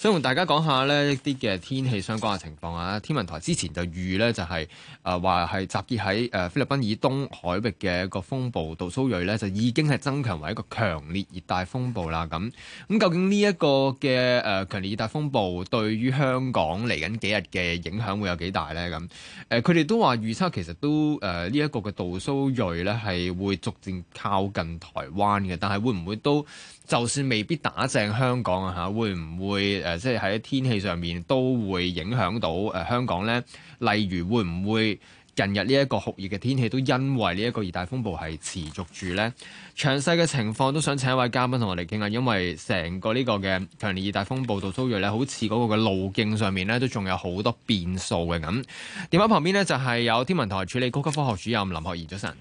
想同大家講下呢一啲嘅天氣相關嘅情況啊！天文台之前就預呢，就係誒話係集結喺誒菲律賓以東海域嘅一個風暴杜蘇芮呢，就已經係增強為一個強烈熱帶風暴啦。咁咁究竟呢一個嘅誒、呃、強烈熱帶風暴對於香港嚟緊幾日嘅影響會有幾大呢？咁誒，佢、呃、哋都話預測其實都誒呢一個嘅杜蘇芮呢，係會逐漸靠近台灣嘅，但係會唔會都就算未必打正香港啊？嚇，會唔會？誒，即係喺天氣上面都會影響到誒香港呢。例如會唔會近日呢一個酷熱嘅天氣，都因為呢一個熱帶風暴係持續住呢？詳細嘅情況都想請一位嘉賓同我哋傾下，因為成個呢個嘅強烈熱帶風暴杜蘇芮呢，好似嗰個嘅路徑上面呢，都仲有好多變數嘅咁。電話旁邊呢，就係、是、有天文台署理高級科學主任林學賢早、早晨，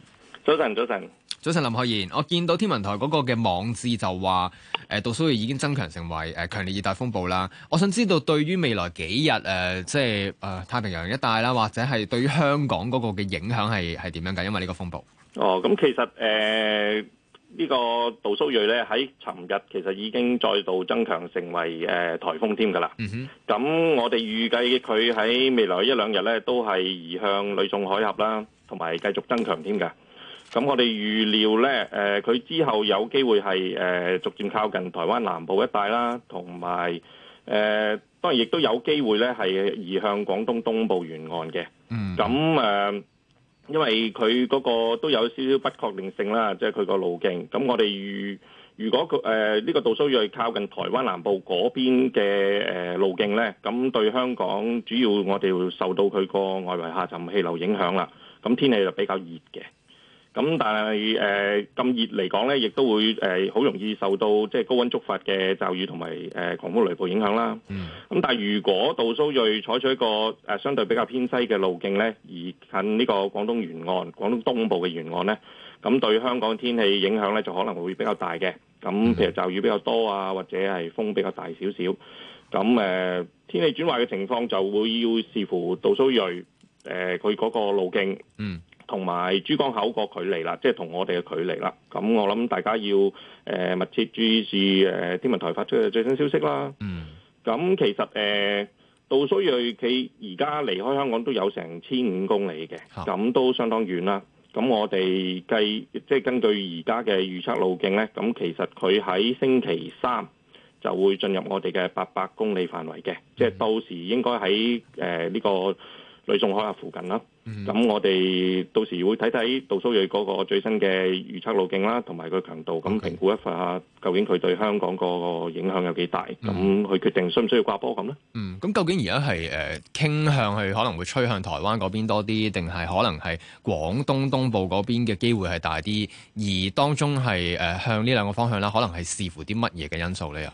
早晨，早晨。早晨，林學賢，我見到天文台嗰個嘅網誌就話，誒杜蘇芮已經增強成為誒強烈熱帶風暴啦。我想知道對於未來幾日誒，即係誒太平洋一帶啦，或者係對於香港嗰個嘅影響係係點樣㗎？因為呢個風暴。哦，咁其實誒呢、呃這個杜蘇芮咧喺尋日其實已經再度增強成為誒、呃、颱風添㗎啦。咁、嗯、哼我哋預計佢喺未來一兩日咧都係移向呂宋海峽啦，同埋繼續增強添㗎。咁我哋預料呢，誒、呃、佢之後有機會係誒、呃、逐漸靠近台灣南部一帶啦，同埋誒當然亦都有機會呢係移向廣東東部沿岸嘅。嗯，咁誒、呃，因為佢嗰個都有少少不確定性啦，即係佢個路徑。咁我哋如，如果佢呢、呃這個杜蘇芮靠近台灣南部嗰邊嘅、呃、路徑呢，咁對香港主要我哋會受到佢個外圍下沉氣流影響啦。咁天氣就比較熱嘅。咁但係誒咁熱嚟講咧，亦都會誒好容易受到即係高溫觸發嘅驟雨同埋誒狂風雷暴影響啦。咁但係如果杜蘇芮採取一個誒相對比較偏西嘅路徑咧，而近呢個廣東沿岸、廣東東部嘅沿岸咧，咁對香港天氣影響咧就可能會比較大嘅。咁譬如驟雨比較多啊，或者係風比較大少少。咁誒天氣轉壞嘅情況就會要視乎杜蘇芮誒佢嗰個路徑。嗯。同埋珠江口個距離啦，即係同我哋嘅距離啦。咁我諗大家要、呃、密切注意住、呃、天文台發出嘅最新消息啦。咁、嗯、其實杜蘇芮佢而家離開香港都有成千五公里嘅，咁、啊、都相當遠啦。咁我哋計即係根據而家嘅預測路徑咧，咁其實佢喺星期三就會進入我哋嘅八百公里範圍嘅，即係、嗯、到時應該喺呢、呃呢個呂宋海峽附近啦。咁、嗯、我哋到時會睇睇杜蘇瑞嗰個最新嘅預測路徑啦，同埋個強度咁 Okay. 評估一下究竟佢對香港個影響有幾大，咁去、嗯、決定需唔需要掛波咁呢？嗯，咁究竟而家係誒傾向去可能會吹向台灣嗰邊多啲，定係可能係廣東東部嗰邊嘅機會係大啲？而當中係、呃、向呢兩個方向啦，可能係視乎啲乜嘢嘅因素呢？又係。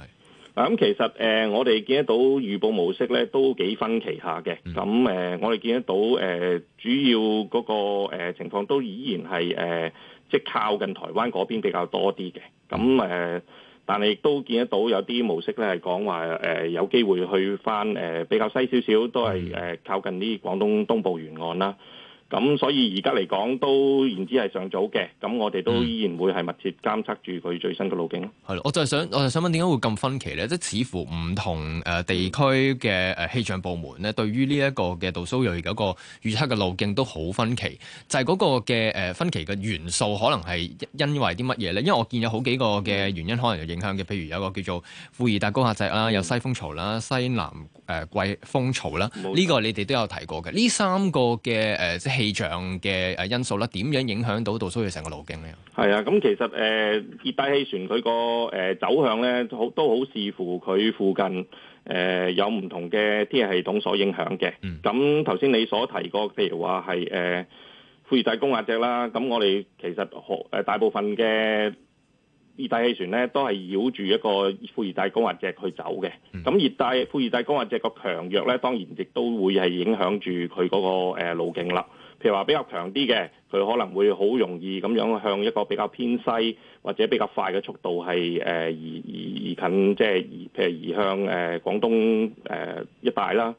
嗱咁其實誒、呃，我哋見得到預報模式咧都幾分歧下嘅。咁誒、呃，我哋見得到誒、呃、主要嗰、那個、呃、情況都依然係誒、呃，即靠近台灣嗰邊比較多啲嘅。咁誒、呃，但係亦都見得到有啲模式咧係講話誒，有機會去返誒、呃、比較西少少，都係誒靠近啲廣東東部沿岸啦。咁所以而家嚟講都言之係尚早嘅，咁我哋都依然會係密切監測住佢最新嘅路徑咯。係咯、嗯，我就係想，我就想問點解會咁分歧咧？即、就、係、是、似乎唔同誒地區嘅誒氣象部門咧，對於呢一個嘅杜蘇芮嗰個預測嘅路徑都好分歧，就係、是、嗰個嘅誒分歧嘅元素可能係因為啲乜嘢咧？因為我見有好幾個嘅原因可能有影響嘅，譬如有一個叫做副熱帶高壓脊啦，有西風槽啦、西南誒季風槽啦，呢、嗯、個你哋都有提過嘅，呢錯三個嘅誒。即、呃、係氣象嘅誒因素啦，點樣影響到杜蘇芮成個路徑咧？係啊，咁其實誒、呃、熱帶氣旋佢個誒走向咧，好都好視乎佢附近誒、呃、有唔同嘅天氣系統所影響嘅。咁頭先你所提過，譬如話係誒副熱帶高壓脊啦，咁我哋其實學誒大部分嘅。熱帶氣旋咧都係繞住一個副熱帶高壓脊去走嘅，咁熱帶副熱帶高壓脊個強弱咧，當然亦都會係影響住佢嗰個、呃、路徑啦。譬如話比較強啲嘅，佢可能會好容易咁樣向一個比較偏西或者比較快嘅速度係誒移移近，即係移譬如移向誒、呃、廣東、呃、一帶啦。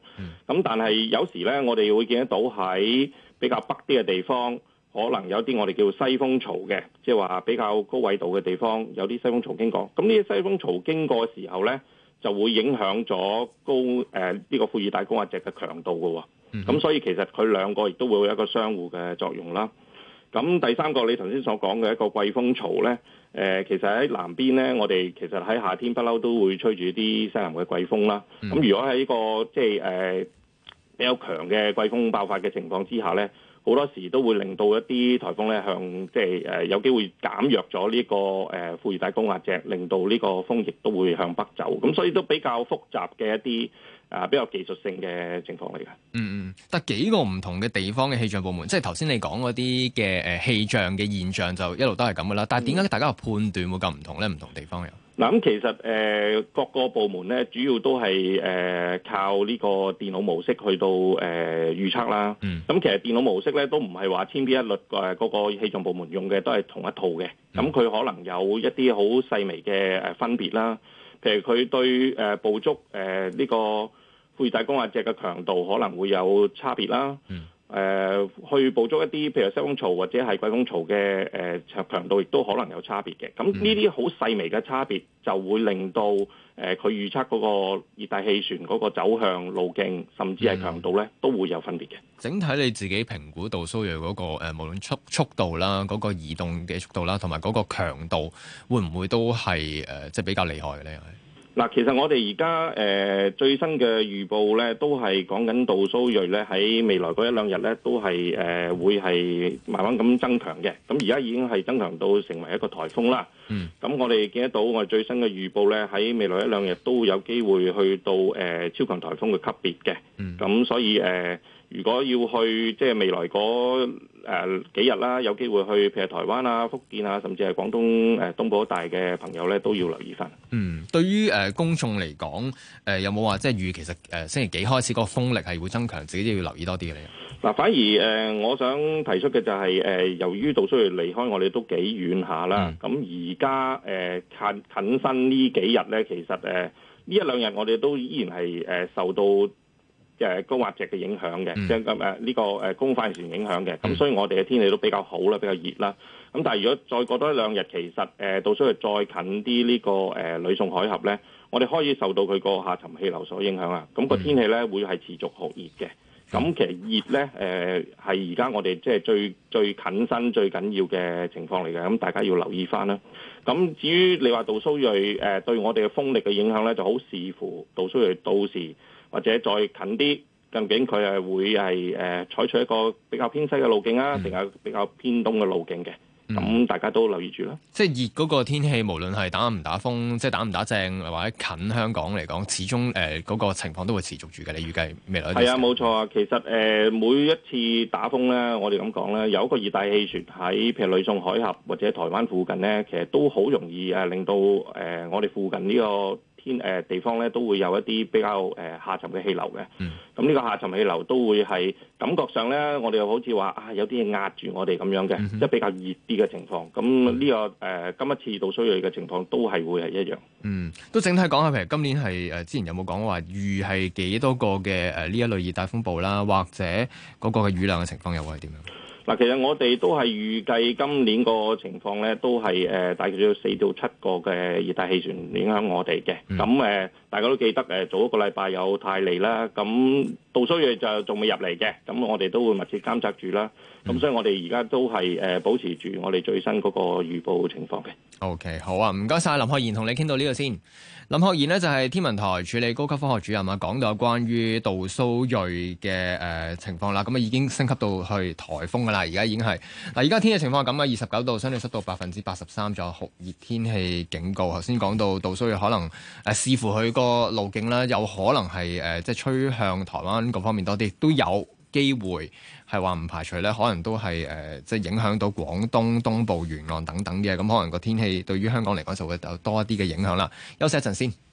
咁、嗯、但係有時咧，我哋會見得到喺比較北啲嘅地方。可能有啲我哋叫西風槽嘅，即係話比較高緯度嘅地方有啲西風槽經過，咁呢啲西風槽經過嘅時候呢，就會影響咗高誒呢、呃呢個副熱帶高壓脊嘅強度喎。咁所以其實佢兩個亦都會有一個相互嘅作用啦。咁第三個你頭先所講嘅一個季風槽呢，呃、其實喺南邊呢，我哋其實喺夏天不嬲都會吹住啲西南嘅季風啦。咁如果喺一個即係誒，就是呃比較強嘅季風爆發嘅情況之下咧，好多時都會令到一啲颱風咧向即係誒有機會減弱咗呢個誒副熱帶高壓脊，令到呢個風亦都會向北走，咁所以都比較複雜嘅一啲啊比較技術性嘅情況嚟㗎。嗯嗯，得幾個唔同嘅地方嘅氣象部門，即係頭先你講嗰啲嘅誒氣象嘅現象就一路都係咁噶啦。但係點解大家嘅判斷會咁唔同咧？唔同地方有。嗱咁、嗯、其實誒、呃、各個部門咧，主要都係誒、呃、靠呢個電腦模式去到誒、呃、預測啦。咁、嗯嗯、其實電腦模式咧都唔係話千篇一律，誒、呃、嗰個氣象部門用嘅都係同一套嘅。咁、嗯、佢、嗯、可能有一啲好細微嘅分別啦。譬如佢對誒捕捉誒呢個副熱帶高壓脊嘅強度可能會有差別啦。嗯誒、呃、去捕捉一啲，譬如西風槽或者係季風槽嘅誒、呃、強度，亦都可能有差別嘅。咁呢啲好細微嘅差別就會令到佢、嗯呃、預測嗰個熱帶氣旋嗰個走向路徑，甚至係強度咧，都會有分別嘅。整體你自己評估到蘇芮嗰、那個無、呃、無論速速度啦，嗰、那個移動嘅速度啦，同埋嗰個強度，會唔會都係、呃、即係比較厲害嘅咧？嗱，其實我哋而家誒最新嘅預報咧，都係講緊杜蘇芮咧喺未來嗰一兩日咧，都係誒、呃、會係慢慢咁增強嘅。咁而家已經係增強到成為一個颱風啦。嗯，咁我哋見得到我哋最新嘅預報咧，喺未來的一兩日都有機會去到誒、呃、超強颱風嘅級別嘅。嗯，咁所以誒、呃如果要去即係未來嗰誒、呃、幾日啦，有機會去譬如台灣啊、福建啊，甚至係廣東誒、呃、東部一帶嘅朋友咧，都要留意返。嗯，對於誒、呃、公眾嚟講，誒、呃、有冇話即係預其實誒星期幾開始個風力係會增強，自己都要留意多啲嘅你嗱，反而誒、呃、我想提出嘅就係、是、誒、呃，由於杜蘇芮離開我哋都幾遠下啦，咁而家誒近近身呢幾日咧，其實誒呢、呃、一兩日我哋都依然係誒、呃、受到。誒高壓脊嘅影響嘅，將咁誒呢個誒東翻船影響嘅，咁所以我哋嘅天氣都比較好啦，比較熱啦。咁但係如果再過多一兩日，其實誒杜蘇芮再近啲呢個誒呂宋海峽咧，我哋開始受到佢個下沉氣流所影響啊。咁個天氣咧會係持續酷熱嘅。咁、嗯、其實熱咧誒係而家我哋即係最最近身最緊要嘅情況嚟嘅，咁大家要留意翻啦。咁至於你話杜蘇芮誒對我哋嘅風力嘅影響咧，就好視乎杜蘇芮到時。或者再近啲，究竟佢係會，係、呃、誒採取一個比較偏西嘅路徑啊，定係比較偏東嘅路徑嘅？咁、嗯、大家都留意住啦。即係熱嗰個天氣，無論係打唔打風，即係打唔打正，或者近香港嚟講，始終誒、呃那個情況都會持續住嘅。你預計咩咧？係啊，冇錯啊。其實誒、呃、每一次打風咧，我哋咁講咧，有一個熱帶氣旋喺譬如呂宋海峽或者台灣附近咧，其實都好容易誒、啊、令到誒、呃、我哋附近呢、呢個。先地方咧都會有一啲比較誒、呃、下沉嘅氣流嘅，咁呢、嗯、個下沉氣流都會係感覺上咧，我哋又好似話啊有啲嘢壓住我哋咁樣嘅，嗯、哼即係比較熱啲嘅情況。咁呢、嗯這個誒、呃、今一次杜蘇芮嘅情況都係會係一樣。嗯，都整體講下，譬如今年係誒、呃、之前有冇講話預係幾多個嘅誒呢一類熱帶風暴啦，或者嗰個嘅雨量嘅情況又會係點樣？嗱，其實我哋都係預計今年個情況咧，都係誒、呃，大概有四到七個嘅熱帶氣旋影響我哋嘅。咁誒、呃，大家都記得誒，早一個禮拜有泰利啦，咁杜蘇芮就仲未入嚟嘅。咁我哋都會密切監察住啦。咁、嗯、所以，我哋而家都係保持住我哋最新嗰個預報情況嘅。O、okay, K，好啊，唔該晒。林學賢同你傾到呢度先。林學賢呢，就係、是、天文台處理高級科學主任啊，講到關於杜蘇芮嘅、呃、情況啦。咁啊已經升級到去颱風噶啦，而家已經係嗱，而家天氣情況咁啊二十九度，相對濕度百分之八十三，仲有酷熱天氣警告。頭先講到杜蘇芮，可能誒、呃、視乎佢個路徑啦，有可能係誒、呃、即係吹向台灣各方面多啲，都有，機會，係話唔排除咧，可能都係誒、呃，即係影響到廣東東部沿岸等等嘅，咁可能個天氣對於香港嚟講就會有多一啲嘅影響啦。休息一陣先。